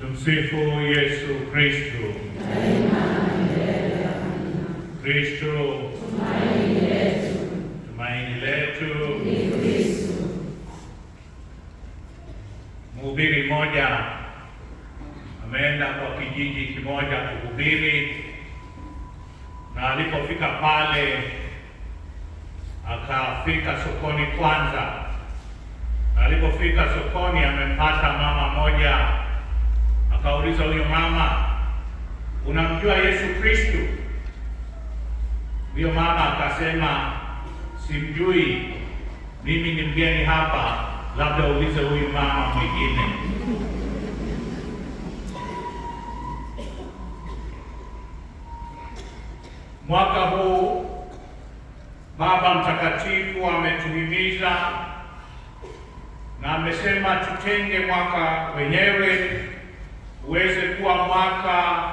Tumsifu Yesu Kristo. Kristo tumaini letu. Mhubiri mmoja ameenda kwa kijiji kimoja kuhubiri, na alipofika pale akafika sokoni kwanza, na alipofika sokoni amempata mama moja Akauliza huyo mama, unamjua Yesu Kristo? Huyo mama akasema, simjui, mimi ni mgeni hapa, labda uulize huyu mama mwingine. Mwaka huu Baba Mtakatifu ametuhimiza na amesema tutenge mwaka wenyewe uweze kuwa mwaka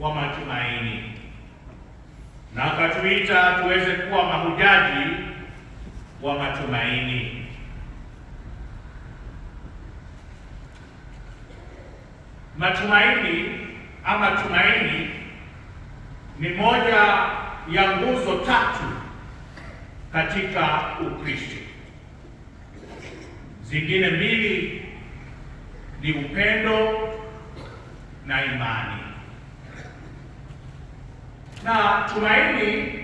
wa matumaini, na akatuita tuweze kuwa mahujaji wa matumaini. Matumaini ama tumaini ni moja ya nguzo tatu katika Ukristo, zingine mbili ni upendo na imani. Na tumaini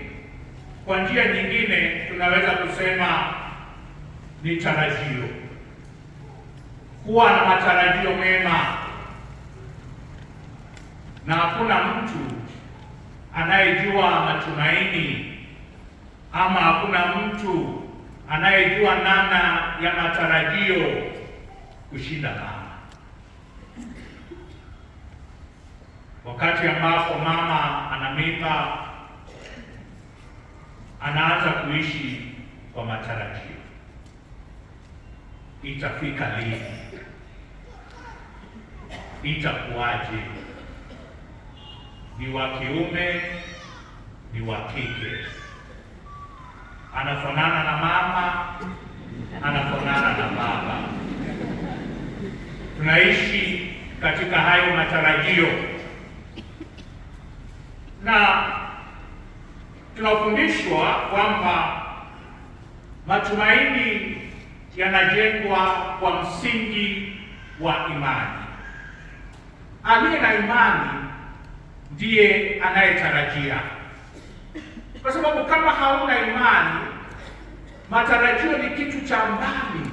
kwa njia nyingine tunaweza kusema ni tarajio, kuwa na matarajio mema, na hakuna mtu anayejua matumaini ama hakuna mtu anayejua namna ya matarajio kushinda. Wakati ambapo mama ana mimba, anaanza kuishi kwa matarajio, itafika lini? Itakuwaje? Ni wa kiume, ni wa kike? Anafanana na mama, anafanana na baba? Tunaishi katika hayo matarajio na tunafundishwa kwamba matumaini yanajengwa kwa msingi wa imani. Aliye na imani ndiye anayetarajia, kwa sababu kama hauna imani, matarajio ni kitu cha mbali,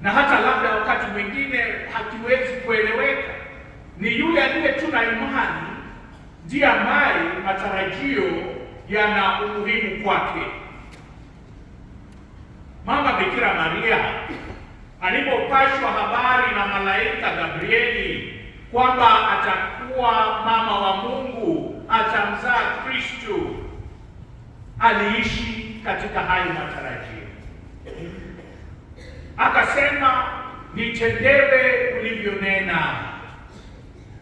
na hata labda wakati mwingine hakiwezi kueleweka ni yule aliye tu na imani ndiye ambaye matarajio yana umuhimu kwake. Mama Bikira Maria alipopashwa habari na malaika Gabrieli kwamba atakuwa mama wa Mungu, atamzaa kristu aliishi katika hayo matarajio, akasema, nitendewe ulivyonena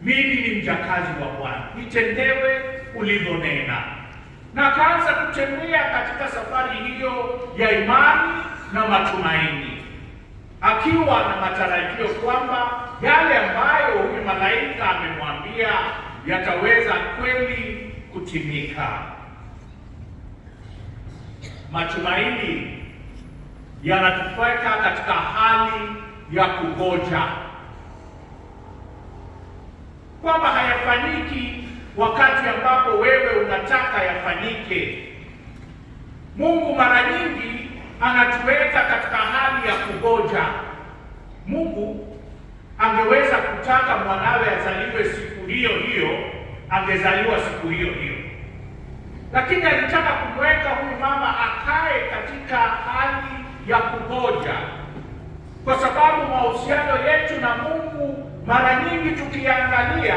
mimi ni mjakazi wa Bwana, nitendewe ulivyonena. Na akaanza kutembea katika safari hiyo ya imani na matumaini, akiwa na matarajio kwamba yale ambayo huyu malaika amemwambia yataweza kweli kutimika. Matumaini yanatupeka katika hali ya kugoja kwamba hayafanyiki wakati ambapo wewe unataka yafanyike. Mungu mara nyingi anatuweka katika hali ya kungoja. Mungu angeweza kutaka mwanawe azaliwe siku hiyo hiyo, angezaliwa siku hiyo hiyo, lakini alitaka kumweka huyu mama akae katika hali ya kungoja, kwa sababu mahusiano yetu na Mungu mara nyingi tukiangalia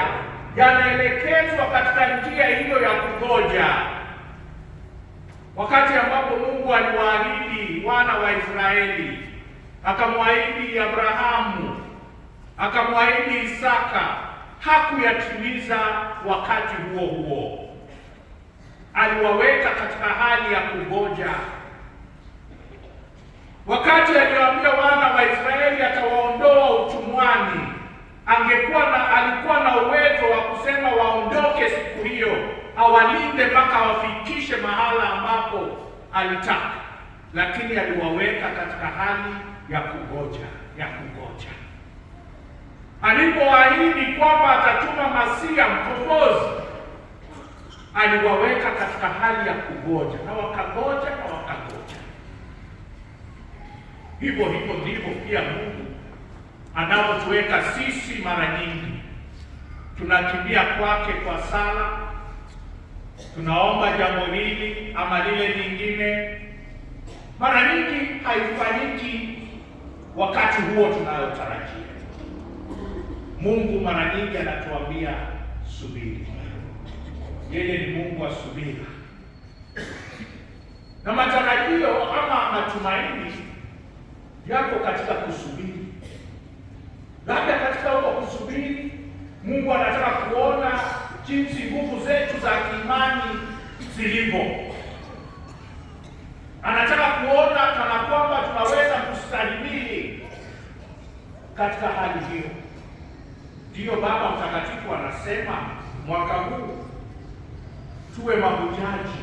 yanaelekezwa katika njia hiyo ya kungoja, wakati ambapo Mungu aliwaahidi wana wa Israeli, akamwahidi Abrahamu, akamwahidi Isaka, hakuyatimiza wakati huo huo, aliwaweka katika hali ya kungoja wakati angekuwa na alikuwa na uwezo wa kusema waondoke siku hiyo, awalinde mpaka awafikishe mahala ambapo alitaka, lakini aliwaweka katika hali ya kungoja ya kungoja. Alipoahidi kwamba atatuma Masia mkombozi, aliwaweka katika hali ya kungoja, na wakangoja na wakangoja. Hivyo hivyo ndivyo pia Mungu anaotuweka sisi, mara nyingi tunakimbia kwake kwa sala, tunaomba jambo hili ama lile lingine. Mara nyingi haifanyiki wakati huo tunayotarajia. Mungu mara nyingi anatuambia subiri. Yeye ni Mungu wa subira na matarajio ama matumaini yako katika kusubiri. Labda katika huko kusubiri, Mungu anataka kuona jinsi nguvu zetu za kiimani zilivyo. Anataka kuona kana kwamba tunaweza kustahimili katika hali hiyo. Ndiyo Baba Mtakatifu anasema mwaka huu tuwe mahujaji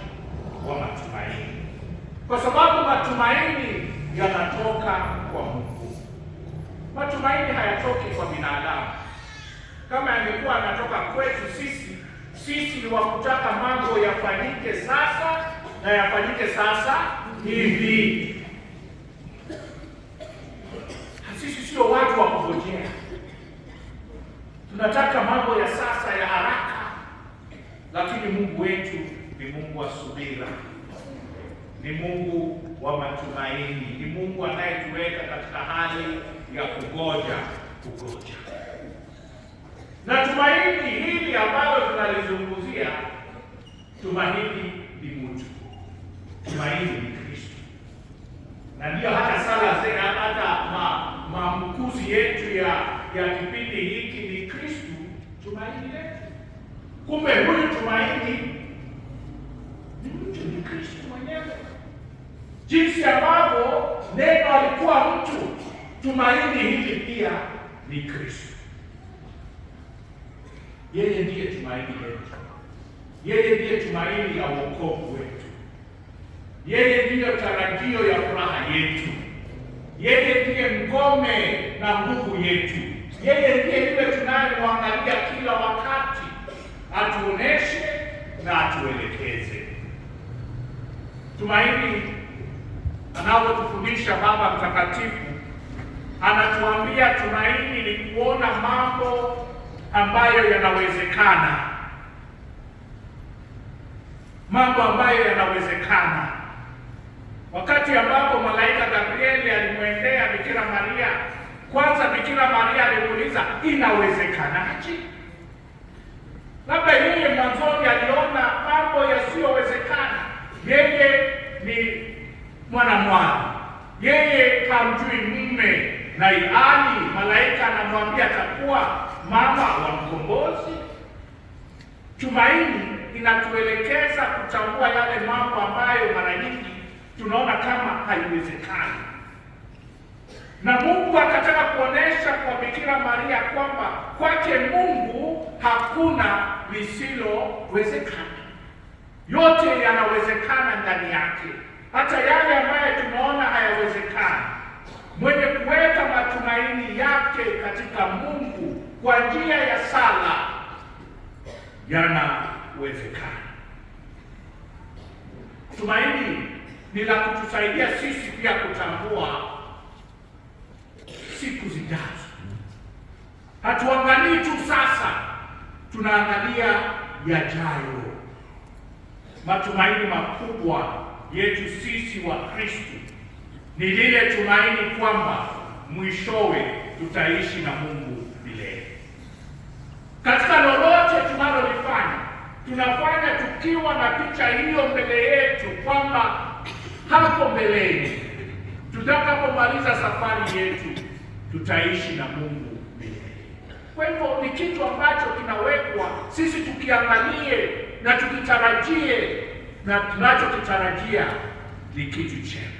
wa matumaini, kwa sababu matumaini yanatoka kwa Mungu. Matumaini hayatoki kwa binadamu. Kama yangekuwa anatoka kwetu sisi, sisi ni wakutaka mambo yafanyike sasa na yafanyike sasa hivi. Sisi sio watu wa kungojea, tunataka mambo ya sasa ya haraka, lakini Mungu wetu ni Mungu wa subira, ni Mungu wa matumaini, ni Mungu anayetuweka katika hali ya kungoja kungoja. Na tumaini hili ambalo tunalizungumzia, tumaini ni mtu, tumaini ni Kristo, na ndiyo hata sala zena hata maamkuzi yetu ya ya kipindi hiki ni Kristo, tumaini letu. Kumbe huyu tumaini ni mtu, ni Kristo mwenyewe, jinsi ambavyo neno alikuwa mtu Tumaini hili pia ni Kristo. Yeye ndiye tumaini letu, yeye ndiye tumaini ya wokovu wetu, yeye ndiyo tarajio ya furaha yetu, yeye ndiye mgome na nguvu yetu, yeye ndiye yule tunayemwangalia kila wakati atuoneshe na atuelekeze tumaini. Anavyotufundisha Baba Mtakatifu anatuambia tumaini ni kuona mambo ambayo yanawezekana, mambo ambayo yanawezekana. Wakati ambapo malaika Gabrieli alimwendea Bikira Maria, kwanza Bikira Maria alimuuliza inawezekanaje? Labda yeye mwanzoni aliona mambo yasiyowezekana, yeye ni mwanamwali, yeye hamjui mume na ilani malaika anamwambia atakuwa mama wa mkombozi. Tumaini inatuelekeza kutambua yale mambo ambayo mara nyingi tunaona kama haiwezekani, na Mungu akataka kuonesha kwa Bikira Maria kwamba kwake Mungu hakuna lisilowezekana, yote yanawezekana ndani yake, hata yale ambayo tunaona hayawezekani mwenye kuweka matumaini yake katika Mungu kwa njia ya sala yanawezekana. Tumaini ni la kutusaidia sisi pia kutambua siku zijazo. Hatuangalii tu sasa, tunaangalia yajayo. Matumaini makubwa yetu sisi wa Kristo ni lile tumaini kwamba mwishowe tutaishi na Mungu milele. Katika lolote tunalolifanya, tunafanya tukiwa na picha hiyo mbele yetu kwamba hapo mbeleni tutakapomaliza safari yetu tutaishi na Mungu milele. Kwa hivyo ni kitu ambacho kinawekwa sisi tukiangalie na tukitarajie, na tunachokitarajia ni kitu chema.